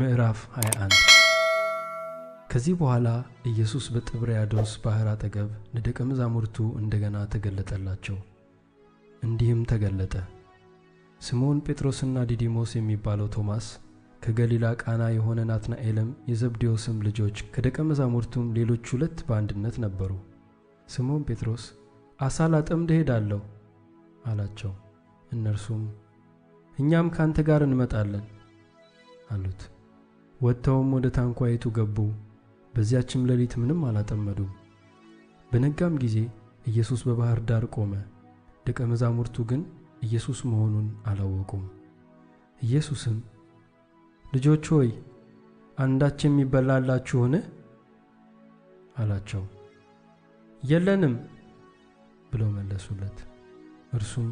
ምዕራፍ 21 ከዚህ በኋላ ኢየሱስ በጥብርያዶስ ባሕር አጠገብ ለደቀ መዛሙርቱ እንደገና ተገለጠላቸው። እንዲህም ተገለጠ። ስምዖን ጴጥሮስና ዲዲሞስ የሚባለው ቶማስ፣ ከገሊላ ቃና የሆነ ናትናኤልም፣ የዘብዴዎስም ልጆች ከደቀ መዛሙርቱም ሌሎች ሁለት በአንድነት ነበሩ። ስምዖን ጴጥሮስ ዓሣ ላጠምድ እሄዳለሁ አላቸው። እነርሱም እኛም ካንተ ጋር እንመጣለን አሉት። ወጥተውም ወደ ታንኳይቱ ገቡ። በዚያችም ሌሊት ምንም አላጠመዱም። በነጋም ጊዜ ኢየሱስ በባሕር ዳር ቆመ። ደቀ መዛሙርቱ ግን ኢየሱስ መሆኑን አላወቁም። ኢየሱስም ልጆች ሆይ አንዳች የሚበላላችሁን አላቸው። የለንም ብለው መለሱለት። እርሱም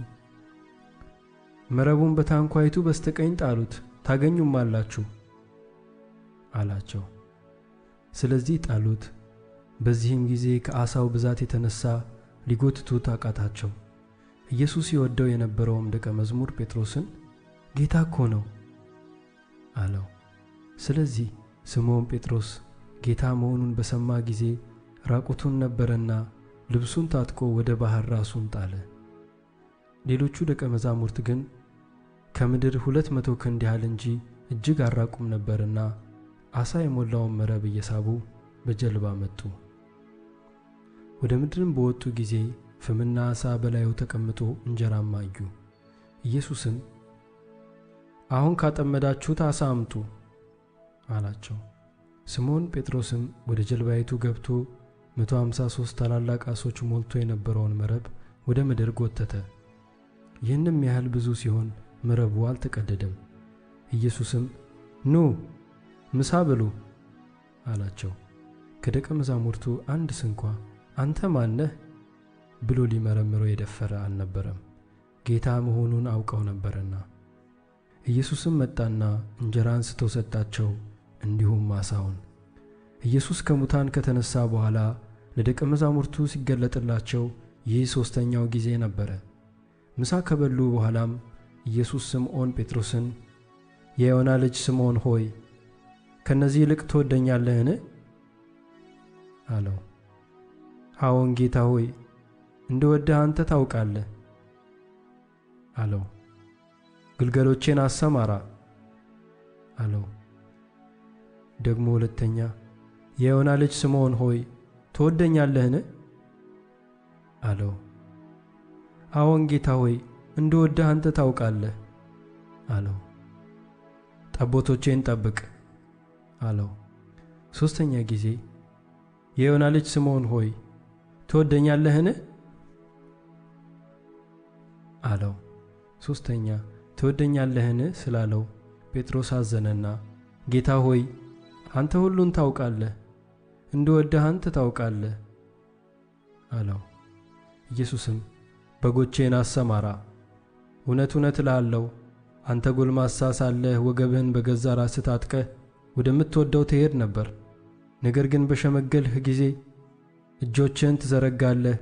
መረቡን በታንኳይቱ በስተቀኝ ጣሉት ታገኙም አላችሁ አላቸው። ስለዚህ ጣሉት። በዚህም ጊዜ ከዓሣው ብዛት የተነሣ ሊጎትቱት አቃታቸው። ኢየሱስ ይወደው የነበረውም ደቀ መዝሙር ጴጥሮስን ጌታ እኮ ነው አለው። ስለዚህ ስምዖን ጴጥሮስ ጌታ መሆኑን በሰማ ጊዜ ራቁቱን ነበረና ልብሱን ታጥቆ ወደ ባሕር ራሱን ጣለ። ሌሎቹ ደቀ መዛሙርት ግን ከምድር ሁለት መቶ ክንድ ያህል እንጂ እጅግ አራቁም ነበርና አሳ የሞላውን መረብ እየሳቡ በጀልባ መጡ። ወደ ምድርም በወጡ ጊዜ ፍምና አሳ በላዩ ተቀምጦ እንጀራም አዩ። ኢየሱስም አሁን ካጠመዳችሁት አሳ አምጡ አላቸው። ስምዖን ጴጥሮስም ወደ ጀልባይቱ ገብቶ 153 ታላላቅ አሶች ሞልቶ የነበረውን መረብ ወደ ምድር ጎተተ። ይህንም ያህል ብዙ ሲሆን መረቡ አልተቀደደም። ኢየሱስም ኑ ምሳ ብሉ አላቸው። ከደቀ መዛሙርቱ አንድ ስንኳ አንተ ማነህ ብሎ ሊመረምረው የደፈረ አልነበረም፣ ጌታ መሆኑን አውቀው ነበርና። ኢየሱስም መጣና እንጀራ አንስቶ ሰጣቸው፣ እንዲሁም ዓሣውን። ኢየሱስ ከሙታን ከተነሣ በኋላ ለደቀ መዛሙርቱ ሲገለጥላቸው ይህ ሦስተኛው ጊዜ ነበረ። ምሳ ከበሉ በኋላም ኢየሱስ ስምዖን ጴጥሮስን የዮና ልጅ ስምዖን ሆይ ከእነዚህ ይልቅ ትወደኛለህን? አለው። አዎን ጌታ ሆይ እንድወድህ አንተ ታውቃለህ አለው። ግልገሎቼን አሰማራ አለው። ደግሞ ሁለተኛ የዮና ልጅ ስምዖን ሆይ ትወደኛለህን? አለው። አዎን ጌታ ሆይ እንድወድህ አንተ ታውቃለህ አለው። ጠቦቶቼን ጠብቅ አለው። ሦስተኛ ጊዜ የዮና ልጅ ስምዖን ሆይ ትወደኛለህን? አለው። ሦስተኛ ትወደኛለህን ስላለው ጴጥሮስ አዘነና ጌታ ሆይ አንተ ሁሉን ታውቃለህ፣ እንድወድህ አንተ ታውቃለህ አለው። ኢየሱስም በጎቼን አሰማራ፣ እውነት እውነት እልሃለሁ አንተ ጎልማሳ ሳለህ ወገብህን በገዛ ራስህ ታጥቀህ ወደምትወደው ትሄድ ነበር። ነገር ግን በሸመገልህ ጊዜ እጆችን ትዘረጋለህ፣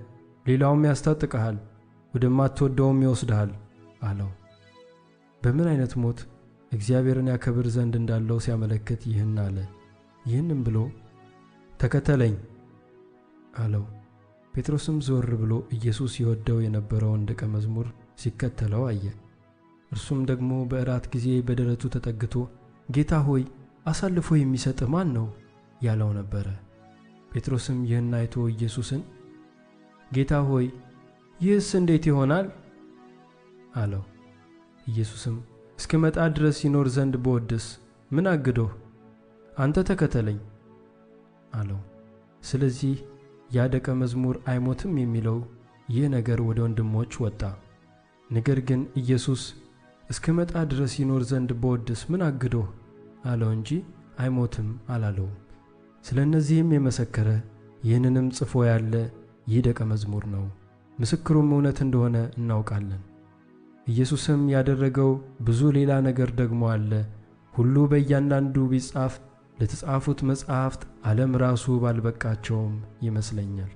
ሌላውም ያስታጥቀሃል፣ ወደማትወደውም ይወስድሃል አለው። በምን አይነት ሞት እግዚአብሔርን ያከብር ዘንድ እንዳለው ሲያመለክት ይህን አለ። ይህንም ብሎ ተከተለኝ አለው። ጴጥሮስም ዞር ብሎ ኢየሱስ ይወደው የነበረውን ደቀ መዝሙር ሲከተለው አየ። እርሱም ደግሞ በእራት ጊዜ በደረቱ ተጠግቶ ጌታ ሆይ አሳልፎ የሚሰጥህ ማን ነው ያለው ነበረ። ጴጥሮስም ይህን አይቶ ኢየሱስን ጌታ ሆይ ይህስ እንዴት ይሆናል አለው። ኢየሱስም እስክመጣ ድረስ ይኖር ዘንድ በወድስ ምን አግዶህ? አንተ ተከተለኝ አለው። ስለዚህ ያ ደቀ መዝሙር አይሞትም የሚለው ይህ ነገር ወደ ወንድሞች ወጣ። ነገር ግን ኢየሱስ እስክመጣ ድረስ ይኖር ዘንድ በወድስ ምን አግዶህ አለው እንጂ አይሞትም አላለውም። ስለ እነዚህም የመሰከረ ይህንንም ጽፎ ያለ ይህ ደቀ መዝሙር ነው፣ ምስክሩም እውነት እንደሆነ እናውቃለን። ኢየሱስም ያደረገው ብዙ ሌላ ነገር ደግሞ አለ። ሁሉ በእያንዳንዱ ቢጻፍ ለተጻፉት መጻሕፍት ዓለም ራሱ ባልበቃቸውም ይመስለኛል።